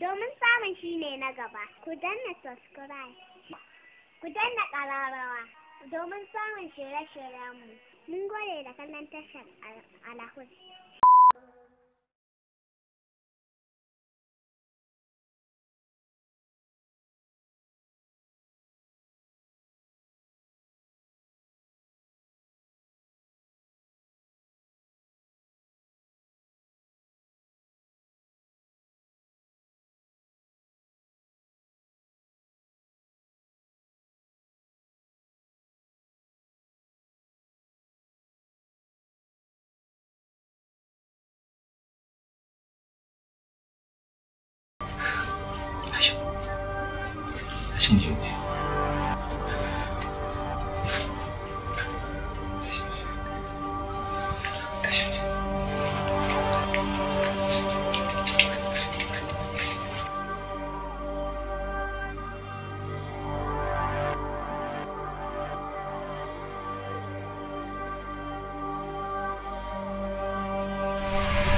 domin samun shi ne na gaba. Ku danna subscribe, ku danna kararrawa domin samun shirye-shiryenmu. Mun gode da kallon tashar Alahus. 심지어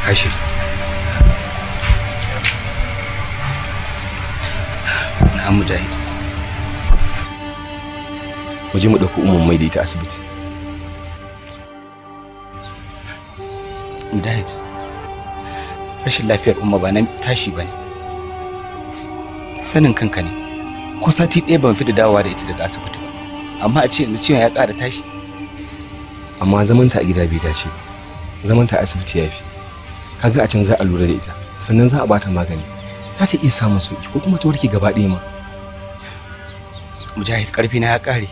다시 kamu jahit mu je mu ɗauko umar mai da ita asibiti diet rashin lafiyar umma ba na tashi ba ne sanin kanka ne ko sati ɗaya ban fi da dawowa da ita daga asibiti ba amma a ce yanzu ciwon ya ƙara tashi amma zamanta a gida bai dace ba zamanta a asibiti ya fi kaga a can za a lura da ita sannan za a bata magani za ta iya samun sauki ko kuma ta warke gaba ɗaya ma mujahid ƙarfi na ya ƙare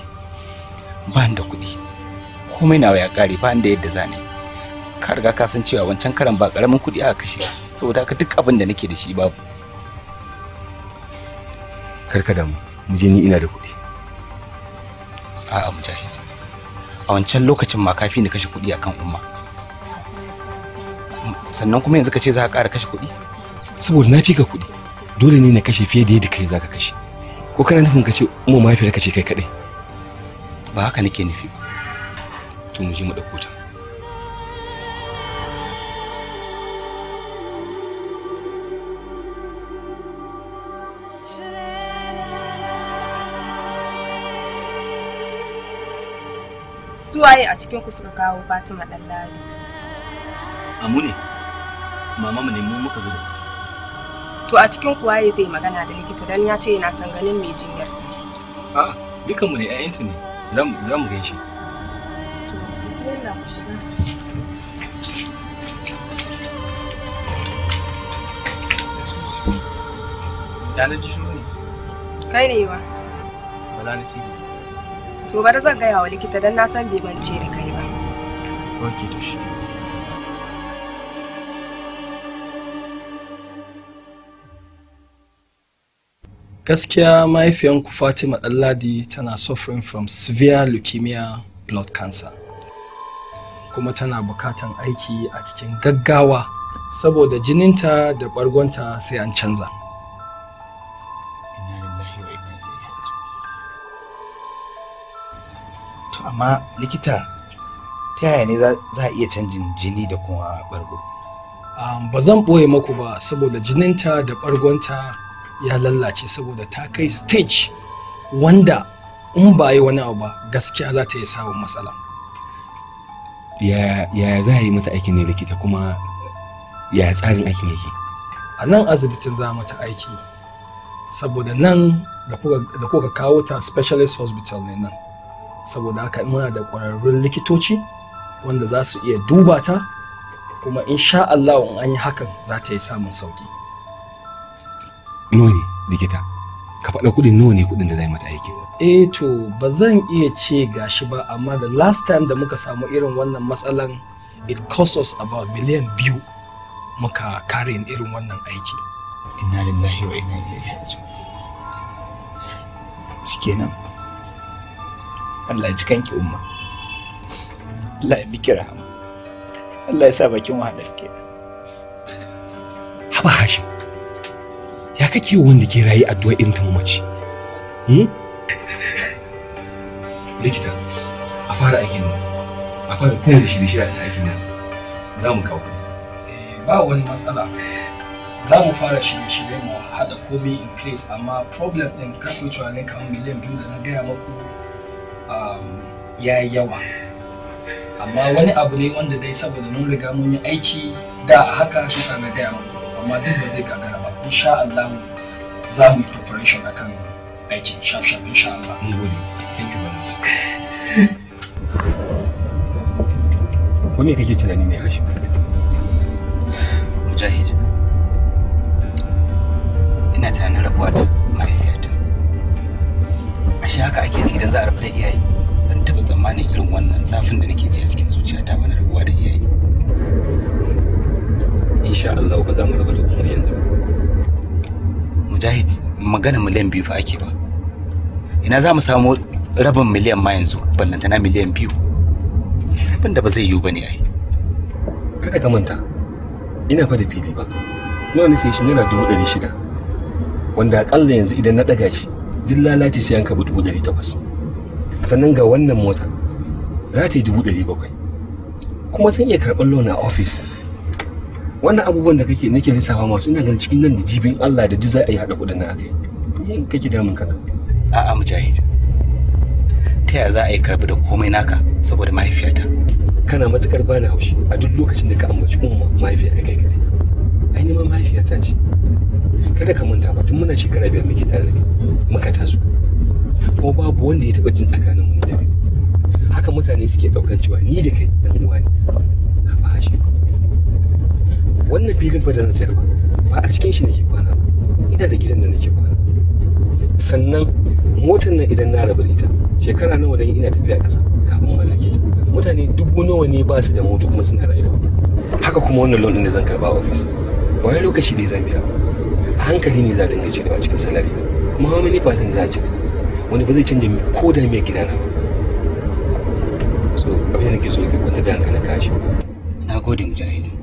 ba da kuɗi komai nawa ya ƙare ba da yadda zane ka riga ka san cewa wancan karan ba ƙaramin kuɗi aka kashe saboda haka duk abin da nake da shi babu karka damu mu je ni ina da kuɗi a'a mujahid a wancan lokacin ma kafi ni kashe kuɗi akan umma sannan kuma yanzu ka ce za ka ƙara kashe kuɗi saboda na fi ka kuɗi dole ne na kashe fiye da yadda kai za ka kashe ko kana nufin ka ce umma mahaifiyar ka ce kai kaɗai ba haka nake nufi ba to mu je mu ɗauko ta suwaye a cikin ku suka kawo Fatima dan Lari amu ne mama mu ne mu muka zo da to a cikin ku waye zai magana da likita dan ya ce yana son ganin mai jinyar ta a'a dukanmu ne 'ya'yanta ne zan mu gaishe to ya na ji shiru ne kai ne wa bala na ce to bari zan gaya wa likita don na san bai bance da kai ba ok to shi gaskiya mahaifiyanku fatima ɗanladi tana suffering from severe leukemia blood cancer kuma tana bukatan aiki a cikin gaggawa saboda jininta da bargonta sai an canza to amma likita ta yaya ne za a iya canjin jini da kuma bargo um, ba zan ɓoye maku ba saboda jininta da bargonta ya lallace saboda ta kai stage wanda in ba yi wani abu ba gaskiya za ta yi samun matsala yaya za a yi mata aikin ne likita kuma yaya tsarin aikin yake a nan asibitin za mata aiki saboda nan da kuka kawo ta specialist hospital ne nan saboda haka muna da ƙwararrun likitoci wanda za su iya duba ta kuma insha Allah in an yi hakan za ta yi samun sauki noni likita ka faɗa kuɗin noni kuɗin da zai mata aiki eh to ba zan iya ce gashi ba amma the last time da muka samu irin wannan matsalan it cost us about million biyu muka kare irin wannan aiki inna lillahi wa inna ilaihi raji'un shikenan Allah ya ci kanki umma Allah ya miki rahama Allah ya sa bakin wahalar ke haba hashim ya kake wanda ke a addu'a irin ta mamaci hmm? likita a fara aikin nan a fara kowane shirye-shirye a aikin nan za mu kawo eh, ba wani matsala za mu fara shirye-shirye mu hada komai in place amma problem ɗin karfe ne kamar miliyan biyu da na gaya maku um, ya yi yawa amma wani abu ne wanda dai saboda mun riga mun yi aiki da a haka shi sa na gaya maku amma duk ba zai gagara insha Allah za mu yi preparation akan aikin shaf shaf insha Allah mun gode thank you very much ko me kake tunani ne Hashim Mujahid ina tunanin rabuwa da mahaifiyata ashe haka ake ji idan za a rabu da iyaye ban taɓa tsammanin irin wannan zafin da nake ji a cikin zuciyata ba na rabuwa da iyaye insha Allah ba za mu rabu da kuma yanzu ba mujahidi magana miliyan biyu fa ake ba ina za mu samu rabin miliyan ma yanzu ballantana miliyan biyu abin da ba zai yiwu ba ne ai kada ka manta ina fa da fili ba nawa na sai shi naira dubu ɗari shida wanda akalla yanzu idan na ɗaga shi duk lalace sai an kaɓi dubu ɗari takwas sannan ga wannan mota za ta yi dubu ɗari bakwai kuma zan iya karɓar loan a office wannan abubuwan da kake nake lissafa masu ina ganin cikin nan da jibin Allah da ji za a yi haɗa kuɗin nan akai yin kake damun kanka a'a mujahid ta yaya za a yi karbi da komai naka saboda mahaifiyata kana matukar bani haushi a duk lokacin da ka ambaci umma mahaifiyarka kai kai ai ni ma mahaifiyata ce kada ka manta ba tun muna shekara biyar muke tare da kai muka taso kuma babu wanda ya taɓa jin tsakanin mu da kai haka mutane suke ɗaukan cewa ni da kai ɗan uwa ne ba shi wannan filin fa da na sayar ba a cikin shi nake kwana ina da gidan da nake kwana sannan motar nan idan na rabu ita shekara nawa da ina tafiya ƙasa kafin mallake ta mutane dubu nawa ne ba su da moto kuma suna rayuwa haka kuma wannan loan din da zan karba office ba wai lokaci da zan biya a hankali ne za a dinga cirewa cikin salari ne kuma hawa mini fasin za a cire wani ba zai canja ko da mai gidana ba so abin da nake so ke kwanta da hankalin kashi na gode mujahid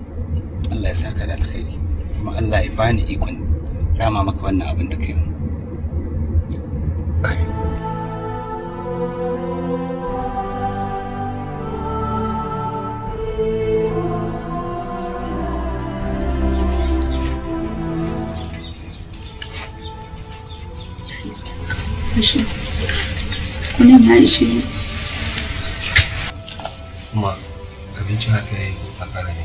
Allah ya saka da alkhairi kuma Allah ya bani ikon rama maka wannan abin da kai amin kunan ya ishe kuma abinci haka ya yi a ƙarami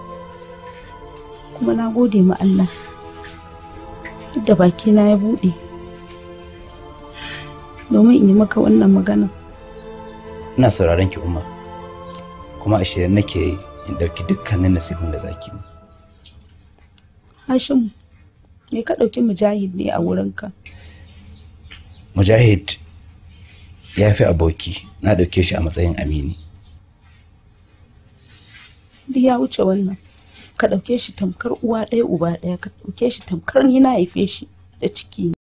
kuma na gode ma Allah da bakina ya buɗe domin in yi maka wannan magana ina sauraron ki umma kuma a shirye nake in ɗauki dukkanin nasihun da zaki mu Hashim me ka ɗauki mujahid ne a wurinka mujahid ya fi aboki na ɗauke shi a matsayin amini duk ya wuce wannan ka ɗauke shi tamkar uwa ɗaya uba ɗaya ka ɗauke shi tamkar ni na haife shi da ciki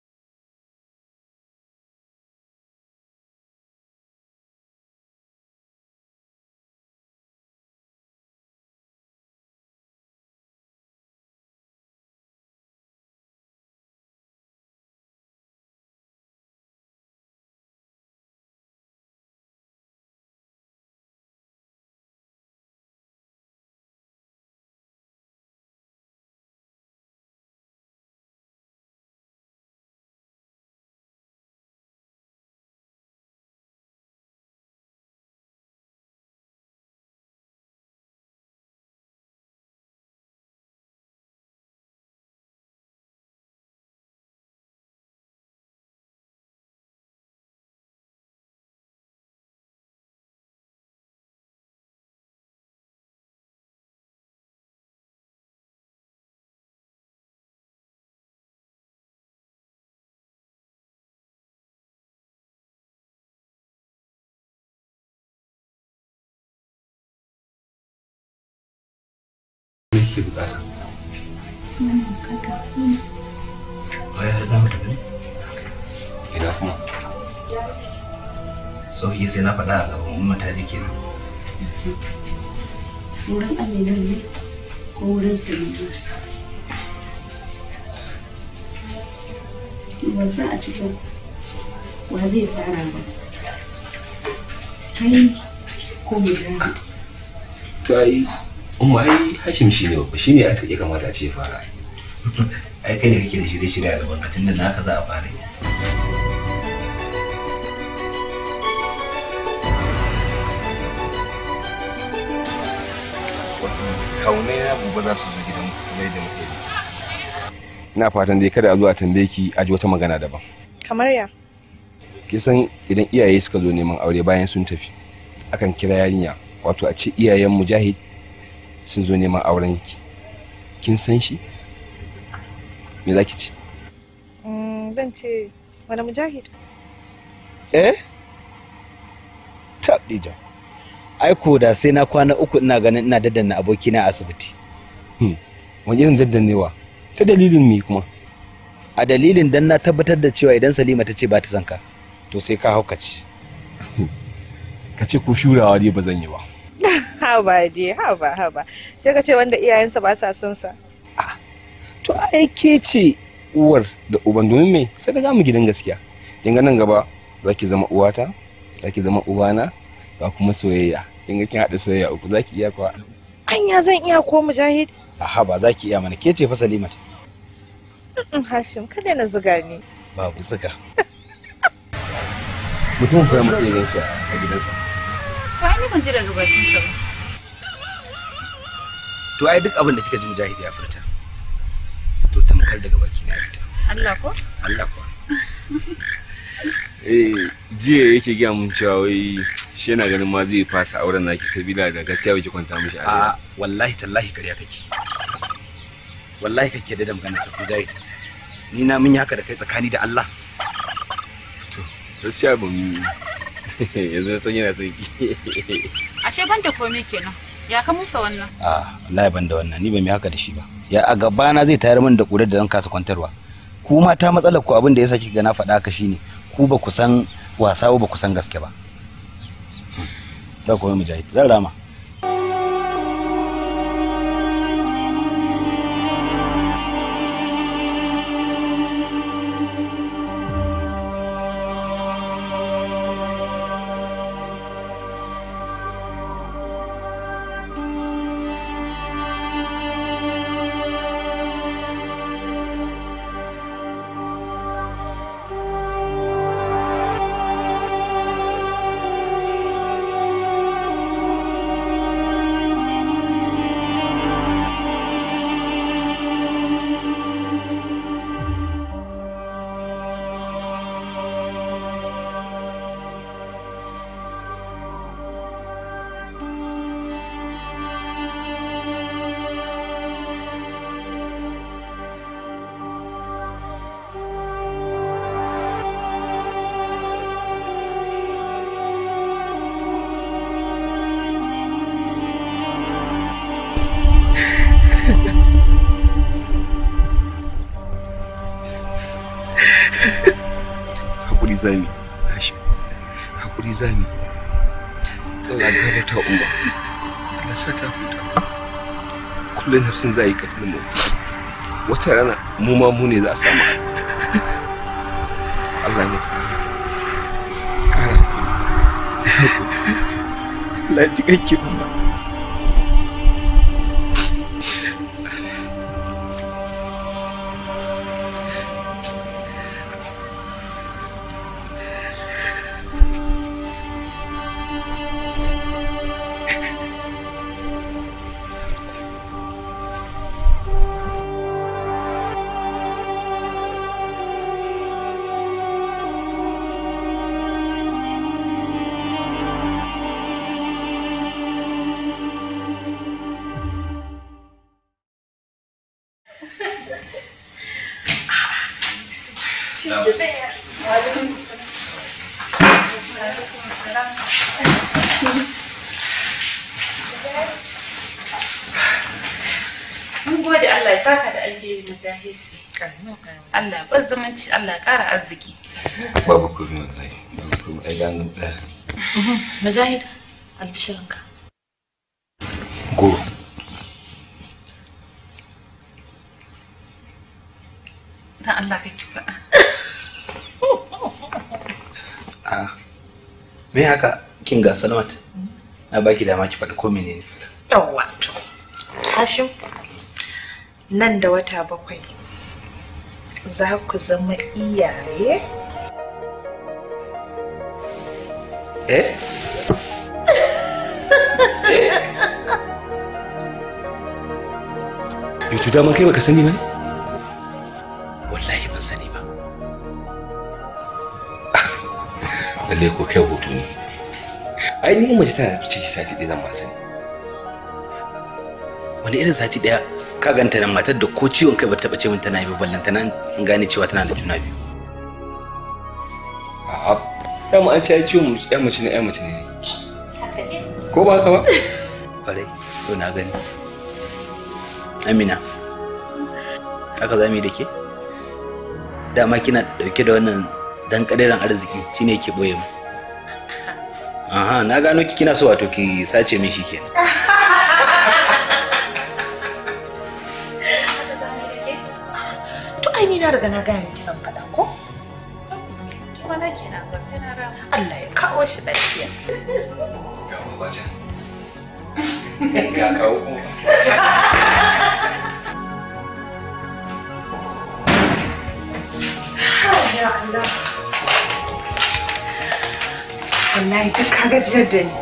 nake bukata wai har za mu tafi ina kuma sauki sai na faɗa a gaban umma ta wurin amina ne ko wurin a cikin wa zai fara ba kai umma ai hashim shi ne babba shi ne ya kamata a ce fara ai kai ne kake da shirye-shirye a gaban ka tunda naka za a fara kaune na gobe za su zo gidan mai da muke ina fatan dai kada a zo a tambaye ki a ji wata magana daban kamar ya kisan idan iyaye suka zo neman aure bayan sun tafi akan kira yarinya wato a ce iyayen mujahid sun zo neman auren ki kin san shi me za ki ce mm, zan ce wani mujahid eh dija ai ko da sai na kwana uku ina ganin ina daddanna abokina a asibiti hmm. wani irin daddannewa ta dalilin me kuma a dalilin dan na tabbatar da cewa idan salima ta ce ba ta zanka to sai ka haukace hmm. ka ce ko shurawa ne ba zan yi ba haba je haba haba sai ka ce wanda iyayensa ba sa son sa ah, to ai ke ce uwar da uban domin me sai da mu gidan gaskiya kin ga nan gaba za ki zama uwata za ki zama ubana ba kuma soyayya kin ga kin haɗa soyayya uku za ki iya kuwa anya zan iya ko mujahid aha ba za ki iya mana ke ce fa salimat hashim kada na zuga ni babu zuga mutum kuma mutum ya a gidansa ba ni ban ji daga bakinsa ba to ai duk abin da kika ji mujahidi ya furta to tamkar daga baki na fita Allah ko Allah ko eh jiya yake gaya mun cewa wai shi yana ganin ma zai fasa auren naki sabila da gaskiya bai kwanta mishi a wallahi tallahi kariya kake wallahi kake da damgana sa mujahidi ni na mun yi haka da kai tsakani da Allah to gaskiya ban yanzu san yana son ki ashe ban da komai kenan ya ka musa wannan a wallahi ban da wannan ni ba mai haka da shi ba ya a gaba na zai tayar min da kurar da zan kasa kwantarwa ku mata matsalar ku abin da yasa kika ga na faɗa ka shine ku ba ku san wasa ba ku san gaske ba hmm. ta koyi mujahid zan rama kullum nafsin za a yi katilin mu wata rana mu ma mu ne za a samu Allah ya mutu arziki babu komai wallahi babu komai ai dan da eh. mhm. mujahid Albishanka. go dan Allah ka ki faɗa a ah. me haka kin ga salmat na baki dama ki faɗi ko menene yawwa to hashim nan da wata bakwai za ku zama iyaye? Eh? eh? Yutu daman kai baka sani ba ne? Wallahi ban sani ba. Lalle ko kai hutu ne. Ai ni mace tana ciki sati ɗaya zan ma sani. Wani irin sati ɗaya? ka ganta nan matar da ko ciwon kai ba ta ce min tana yi ballanta nan in gane cewa tana da juna biyu a'a dama an ci ai ciwon ya mace ne ya mace ne ko ba ka ba bare to na gani amina haka za mu yi da ke dama kina dauke da wannan dan kadiran arziki shine ke boye mu aha na gano ki kina so wato ki sace min shi kenan ai ni na riga na gaya miki zan faɗa ko kuma na kenan ba sai na rama Allah ya kawo shi lafiya ga babaja ga kawo kuma ya Allah wallahi duk ka gajiyar da ni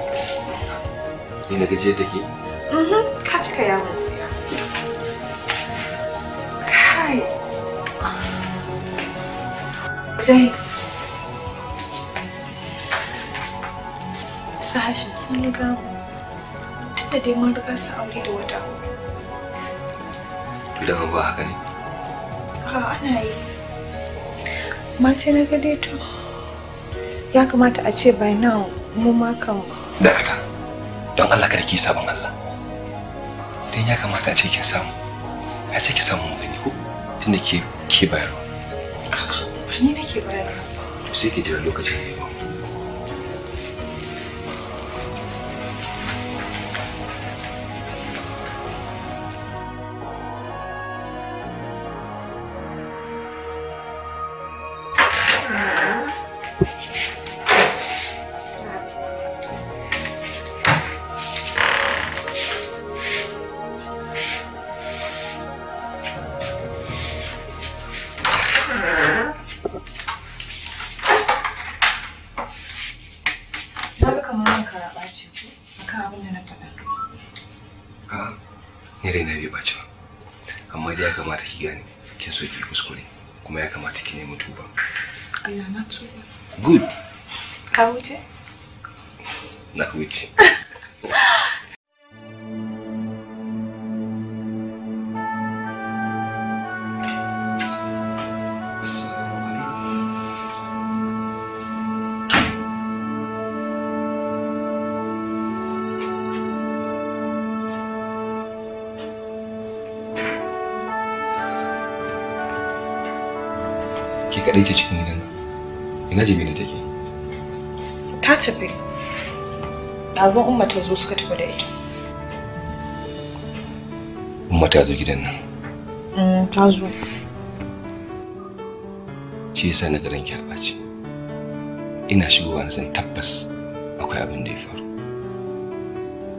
ni na gajiyar da ke mhm, ka cika yawon Jai. Su Hashim sun riga aure da wata. Dama ba haka ne? A ana yi. Ma sai na ga dai Ya kamata a ce by now mu ma kan. Dakata. Don Allah kada ki sabon Allah. Dan ya kamata a ce samu. Ai sai samu mu gani ko? Tunda ke ke ni nake bayarwa to sai ki jira lokacin ke kadai ce cikin gidan ina jamila take ta tafi zo umma ta zo suka tafi da ita umma ta zo gidan nan mm, ta zo shi yasa na garin ki a ɓaci ina shigowa na san tabbas akwai abin da ya faru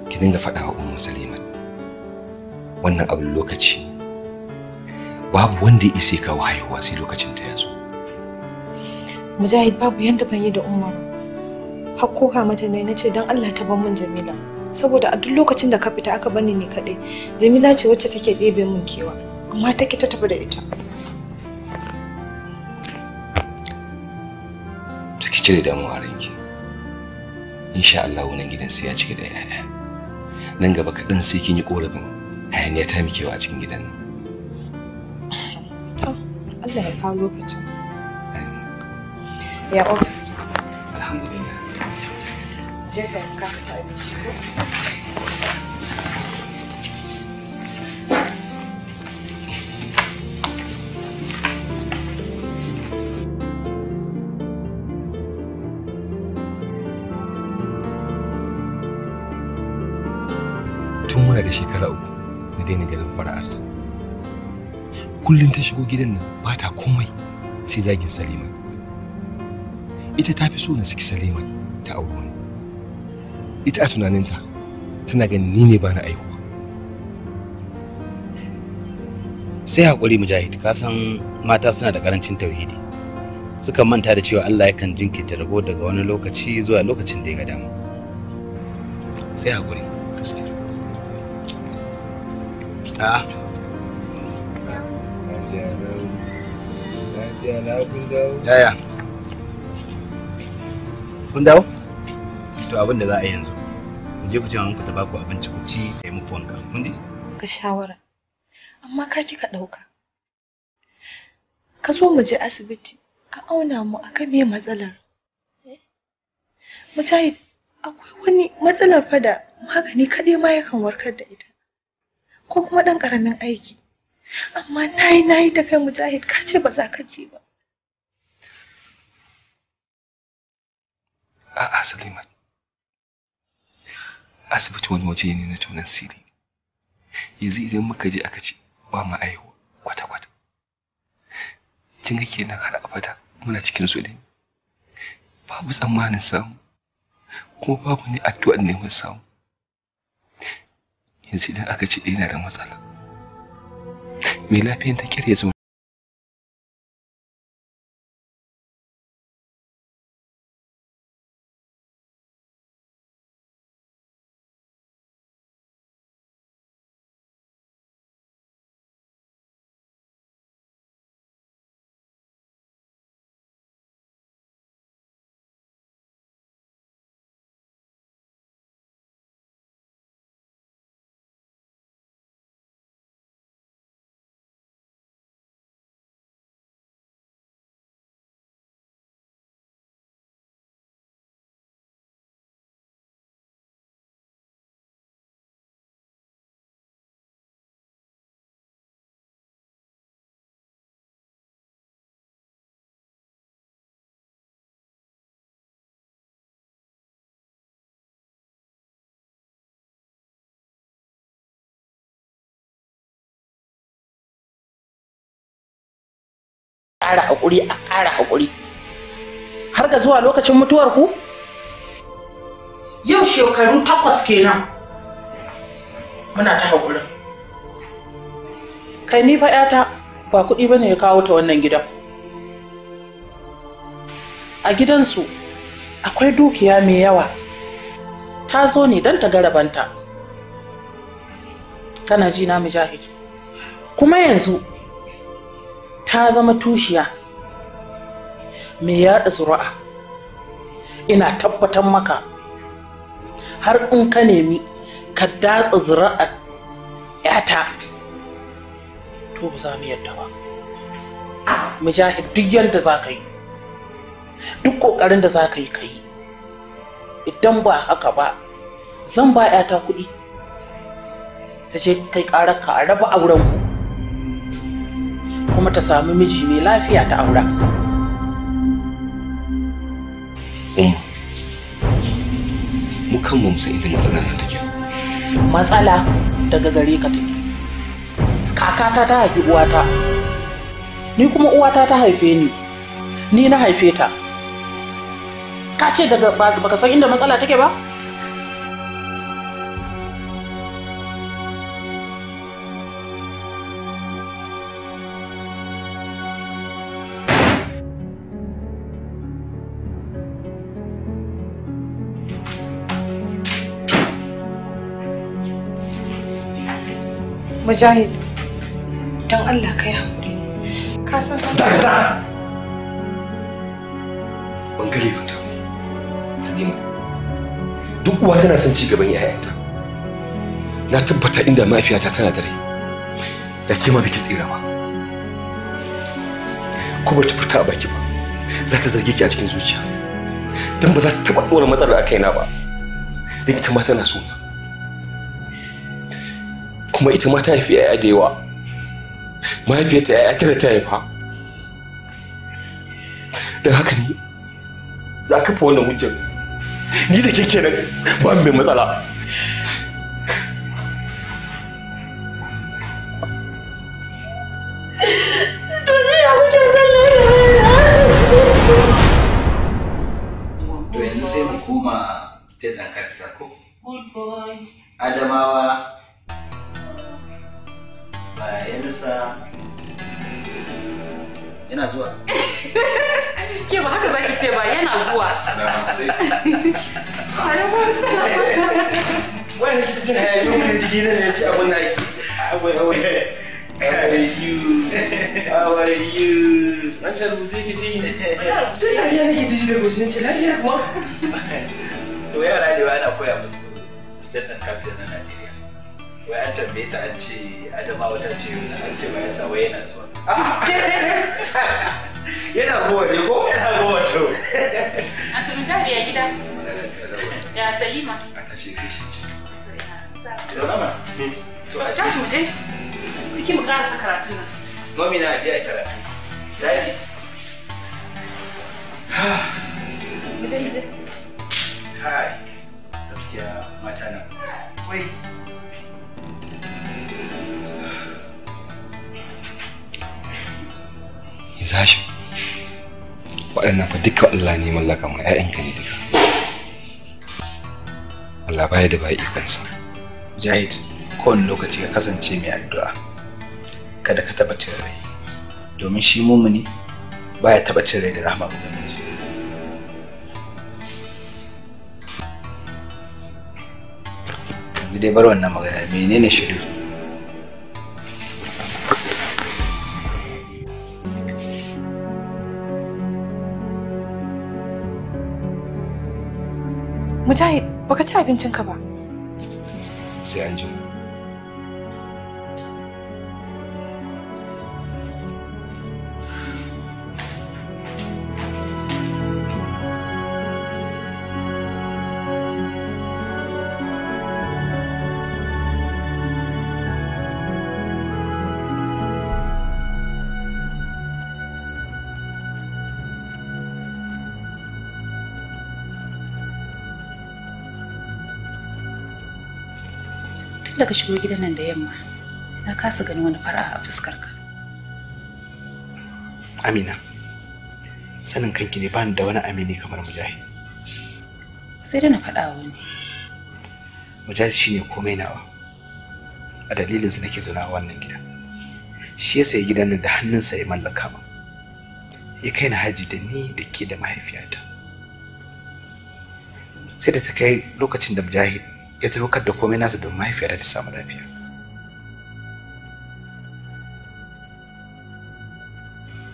ki dinga faɗa wa umma salimat wannan abin lokaci babu wanda ya isa kawo haihuwa sai lokacin ta ya zo Mujahid babu yanda ban yi da Umma ba. koka mata ne na ce don Allah ta ban min Jamila. Saboda a duk lokacin da ka fita aka bani ni kaɗai, Jamila ce wacce take ɗebe mun kewa, amma take ta tafi da ita. To ki cire damuwa ranki. Insha Allah wannan gidan sai ya cike da 'ya'ya. Nan gaba kaɗan sai kin yi ƙorafin hayaniya ta mikewa a cikin gidan nan. Allah ya kawo lokacin. Ya ofis. Alhamdulillah. Je ka kafa ta abinci ko? tun muna da shekara uku na daina ganin fara'arta kullum ta shigo gidan nan ba ta komai sai zagin salima ita ta fi so na saki Salima ta auri wani ita a tunaninta tana ganin ni ne ba na aihuwa sai haƙuri mujahid ka san mata suna da ƙarancin tauhidi Suka manta da cewa Allah yakan jinkirta rabo daga wani lokaci zuwa lokacin da ya ga dama sai haƙuri A. yaya kun dawo to abin da za a yanzu mu je ku ce ku ta baku abinci ku ci ta yi muku wanka kun ji ka shawara amma ka kika ɗauka ka zo mu je asibiti a auna mu a kan me matsalar mujahid akwai wani matsalar fada magani kaɗai ma yakan warkar da ita ko kuma ɗan ƙaramin aiki amma na yi na yi kai mujahid ka ce ba za ka ji ba a'a asibiti wani waje ne na tunan siri yanzu idan muka je aka ce ba kwata-kwata kenan har abada muna cikin su babu tsammanin samu kuma babu ne neman samu yanzu idan aka ce yana da matsala Me lafiyan ta kyar ya zama ƙara haƙuri a ƙara haƙuri har ga zuwa lokacin mutuwar ku yau shekaru takwas kenan muna ta haƙuri. kai ni fa 'yata ba kuɗi ba ne ya kawo ta wannan gidan a gidansu akwai dukiya mai yawa ta zo ne don ta garabanta kana ji na mujahid kuma yanzu ta zama tushiya mai yaɗa zura'a ina tabbatar maka har in ka nemi ka datsa zura'ar 'yata to ba za mu yadda ba Mu mujahid duk yadda za ka yi duk ƙoƙarin da za ka yi ka yi idan ba haka ba zan ba 'yata kuɗi ta je kai ƙararka a raba auren aurenku kuma ta samu miji mai lafiya ta aura mu kan mu san inda na nan take matsala daga gare ka take kakata ta haifi uwata ni kuma uwata ta haife ni ni na haife ta ka ce daga baka san inda matsala take ba Mujahid, don Allah ka yi haƙuri. Ka san san... Dakata! Ban gare fita. Salima, duk uwa tana son ci gaban 'ya'yanta. Na tabbata inda mahaifiyata tana da rai. Da ke ma biki tsira ba. Ko ba ta furta a baki ba. Za ta zarge ki a cikin zuciya. Don ba za ta taɓa ɗora matsalar a kaina ba. Don ita ma tana so kuma ita ma ta haifi 'ya'ya da yawa mahaifiyarta 'ya'ya tara ta haifa don haka ne za ka fi wannan hujjar ni da ke nan ba mai matsala To yanzu Adamawa sai dariya nake ta shi da goshi nace lafiya kuma to yara ne ana koya musu state and capital na Najeriya wai an tambaye ta an ce Adamawa ta ce yola an ce bayan sa wai yana zuwa yana gowa ne ko yana gowa to a turja jari a gida ya Salima a tashi ke shi zauna ma to a tashi mu je ciki mu karasa karatu na mami na je ai karatu dai Kai, gaskiya mata na. Wai. Zashi. Waɗannan fa duka Allah ne mallaka ma ‘ya'yanka ne duka. Allah baya da baya ikonsa. Mujahid, kowane lokaci ka kasance mai addu'a. Kada ka taɓa cire rai. Domin shi mumuni baya taɓa cire rai da rahama Ubangiji. yanzu dai bar wannan magana menene schedule Mujahid, baka ci abincinka ba. Sai an jima. da ka shigo gidan nan da yamma na kasa gani wani fara a fuskarka amina sanin kanki ne ba ni da wani amini kamar Mujahi. sai da na faɗa wani shi shine komai nawa a dalilin sa nake zauna a wannan gida shi ya sayi gidan nan da hannunsa ya mallaka ba. ya kai na haji da ni da ke da mahaifiyata sai da ta kai lokacin da Mujahi ya tabbatar da komai nasa don mahaifiyar ta samu lafiya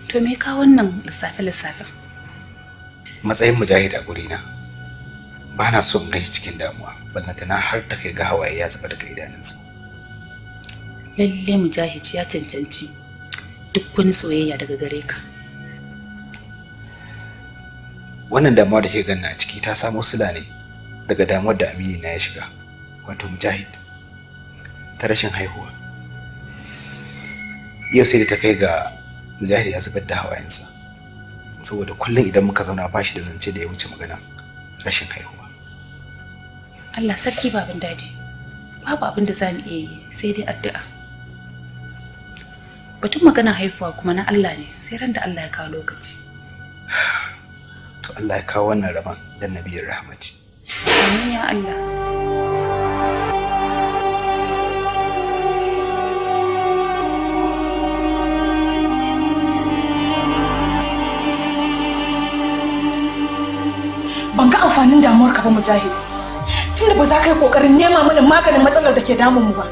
to me ka wannan lissafe-lissafen matsayin mujahid a gurina ba na son gani cikin damuwa na har ta kai ga hawaye ya zuba daga idanunsa lalle mujahid ya cancanci duk wani soyayya daga gare ka wannan damuwa da ke ganna a ciki ta samo sulani ne daga damuwar da amini na ya shiga wato mujahid ta rashin haihuwa yau sai da ta kai ga mujahid ya zubar da hawayensa saboda kullum idan muka zauna ba shi da zance da ya wuce magana rashin haihuwa Allah sarki baban daji babu abin da za mu iya yi sai dai addu'a batun magana haihuwa kuma na Allah ne sai ran da Allah ya kawo lokaci to Allah ya kawo wannan rabon dan nabiyin rahmaji Amin ya Allah. Ban ga amfanin damuwarka ba mujahid. Tunda ba za ka yi kokarin nema mana maganin matsalar da ke damun mu ba.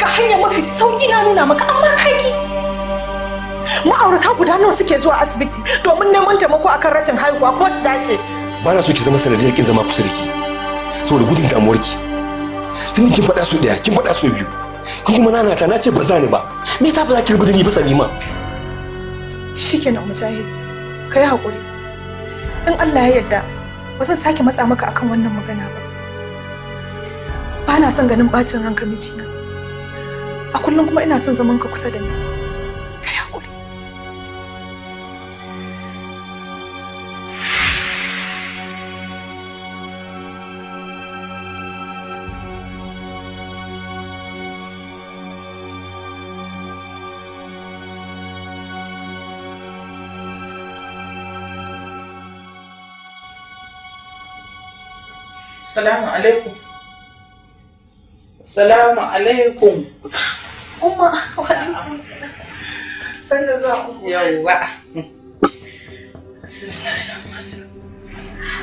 Ka hanya mafi sauki na nuna maka amma kaki. ma'aurata guda nawa suke zuwa asibiti domin neman taimako akan rashin haihuwa ko su dace ba na so ki zama sanadiyar ki zama kusa da ki saboda gudun damuwarki tun kin faɗa su ɗaya kin faɗa su biyu kin kuma nana ta na ba za ni ba me yasa ba za ki rubuta ni ba salima shikenan mujahid kai hakuri in Allah ya yarda ba zan sake matsa maka akan wannan magana ba ba na son ganin bacin ranka mijina a kullum kuma ina son zaman ka kusa da ni Assalamu alaikum. Assalamu alaikum. Umma, wa alaikum salam. Sai da za ku. Yawwa.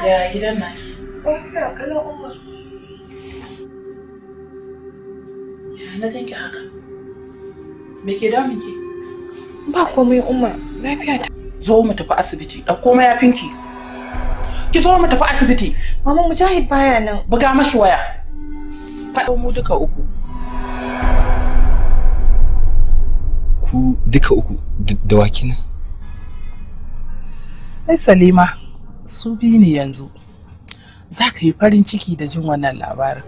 Ya gidan na. Wannan oh, kalan umma. Ya na ganki haka. Me ke damun ki? Ba komai umma, lafiya ta. Zo mu tafi asibiti, ɗauko mayafinki. ki zo mu tafi asibiti mama mujahid baya nan buga mashi waya faɗo mu duka uku ku duka uku da waki nan ai salima su bi ni yanzu za ka yi farin ciki da jin wannan labarin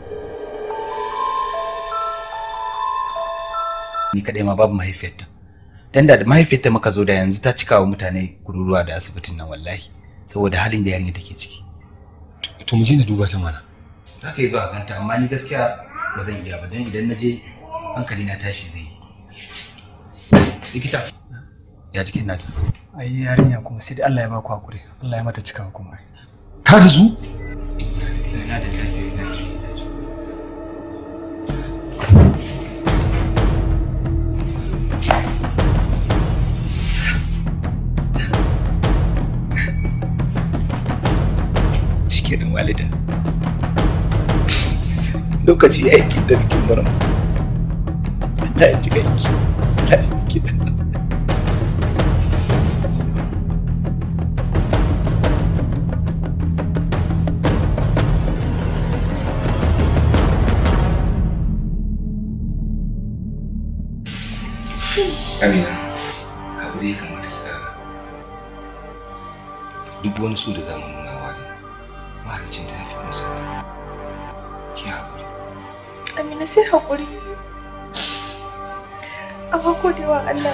ni kadai ma babu mahaifiyarta dan da mahaifiyarta muka zo da yanzu ta cika wa mutane gururuwa da asibitin nan wallahi saboda halin da yarinya take ciki to mu je na duba ta mana za ka yi zuwa ganta amma ni gaskiya ba zan iya ba don idan na je hankali na tashi zai yi likita ya jikin nata ai yarinya kuma sai dai Allah ya ba ku hakuri Allah ya mata cikan kuma ta da ina da lafiya lokaci aiki da bikin mura ta yi ji aiki ta ya ji Amina, abu da ya kamata ki duk wani so da zamani da godewa Allah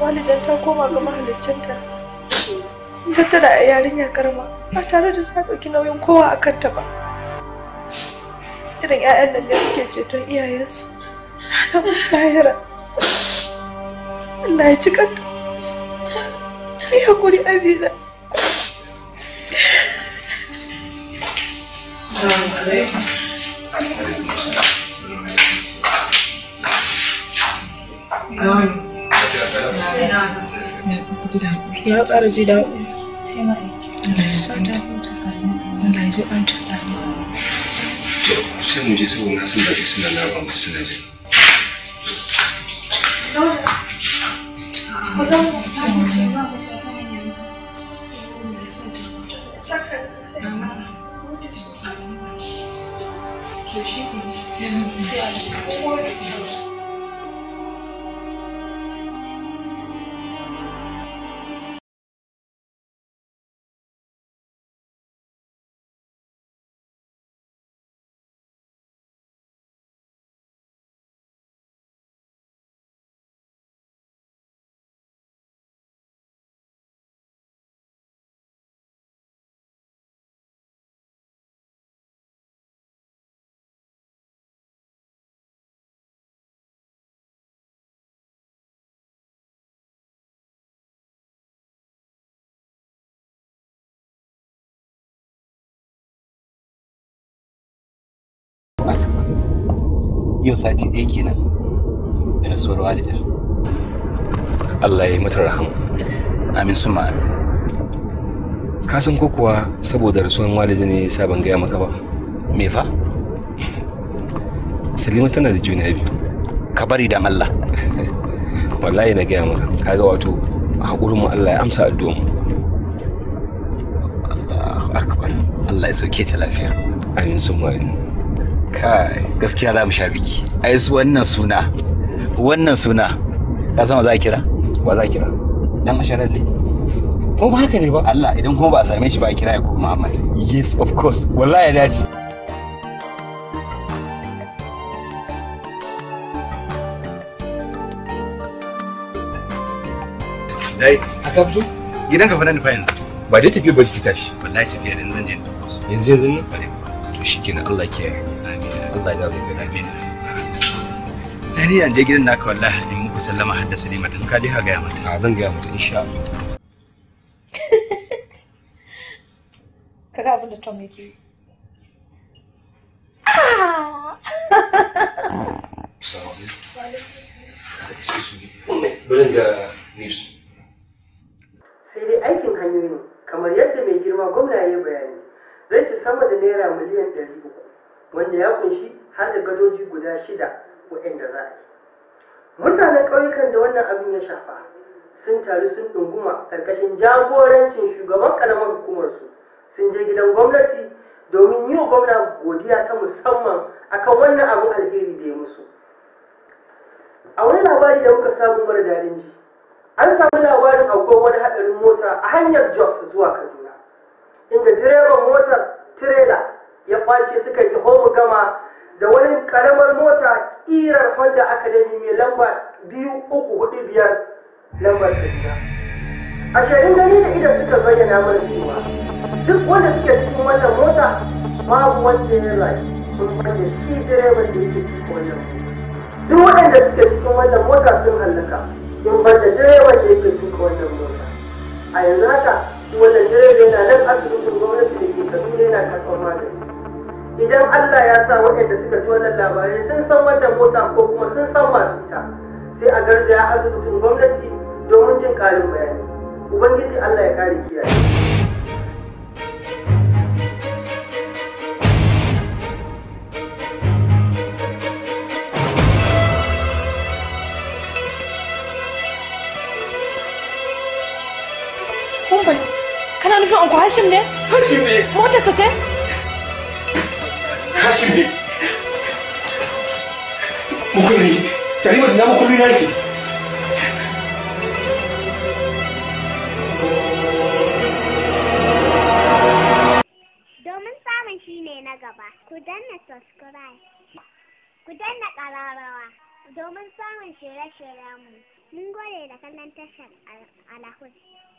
walijan ta koma ga mahaliccinta tattara a yarinya karma ba tare da ta ɗauki nauyin kowa a kanta ba irin 'ya'yan nan ne suke ceton iyayensu na lahira Allah ya ci kanta ki hakuri abina Assalamu alaikum. ya ƙara ji daɗi Allah ya sa ta huta Allah ya ji ɓanta sai mu je saboda hasan da suna labar musu da ne kusan akbar yau sati ɗaya kenan da rasuwar walida Allah ya yi mata rahama amin suma amin ka san ko kuwa saboda rasuwar walida ne sa ban gaya maka ba me fa salima tana da juna biyu ka bari dan Allah wallahi na gaya maka kaga wato hakurin mu Allah ya amsa addu'a mu Allahu akbar Allah ya sauke ta lafiya amin suma amin kai gaskiya za mu sha biki ai wannan suna wannan suna ka san wa za a kira wa za a kira dan asharar ne kuma ba haka ne ba Allah idan kuma ba a same shi ba a kira ya ko Muhammad yes of course wallahi ya dace Dai, aka fito? Gidan ka fa nan fa yanzu. Ba dai tafiya ba ta tashi. Wallahi tafiya yanzu zan je yanzu yanzu ne? To shikenan Allah ke. kiyaye. Allah ya jawo ka lafiya Lani an je gidan naka wallahi in muku sallama haddasa ne mata ka je ka gaya mata a zan gaya mata insha Allah kaga abin da Tom yake Bari ga news. Sai dai aikin hanyoyi kamar yadda mai girma gwamna ya bayani zai ci sama da naira miliyan ɗari uku wanda ya kunshi har da gadoji guda shida waɗanda za a yi mutanen ƙauyukan da wannan abin ya shafa sun taru sun ɗunguma ƙarƙashin jagorancin shugaban ƙaramar hukumarsu sun je gidan gwamnati domin yi wa gwamna godiya ta musamman akan wannan abin alheri da ya musu a wani labari da muka samu mara daɗin ji an samu labarin aukuwar wani haɗarin mota a hanyar jos zuwa kaduna inda direban motar tirela ya kwace suka yi homu gama da wani karamar mota ƙirar honda academy mai lamba biyu uku hudu biyar lambar tafiya a sharin gani da idan suka bayyana mana cewa duk wanda suke cikin wannan mota babu wanda ya rayu sun wanda shi direban da yake cikin wannan duk waɗanda suke cikin wannan mota sun hallaka in ba direban da yake cikin wannan mota a yanzu haka wannan direban yana nan asibitin gwamnati da ke kaduna yana karɓar magani idan Allah ya sa waɗanda suka ji wannan labarai sun san wannan mota ko kuma sun san masu ita sai a ya asibitin gwamnati domin jin ƙarin bayani ubangiji Allah ya kare kiyaye Kana nufin Uncle Hashim ne? Hashim ne. Motarsa ce? hashim ne mukulli sarima ina mukulli domin samun shi ne na gaba ku danna subscribe ku danna ƙararrawa domin samun shirye-shiryenmu mun gode da kallon tashar alahus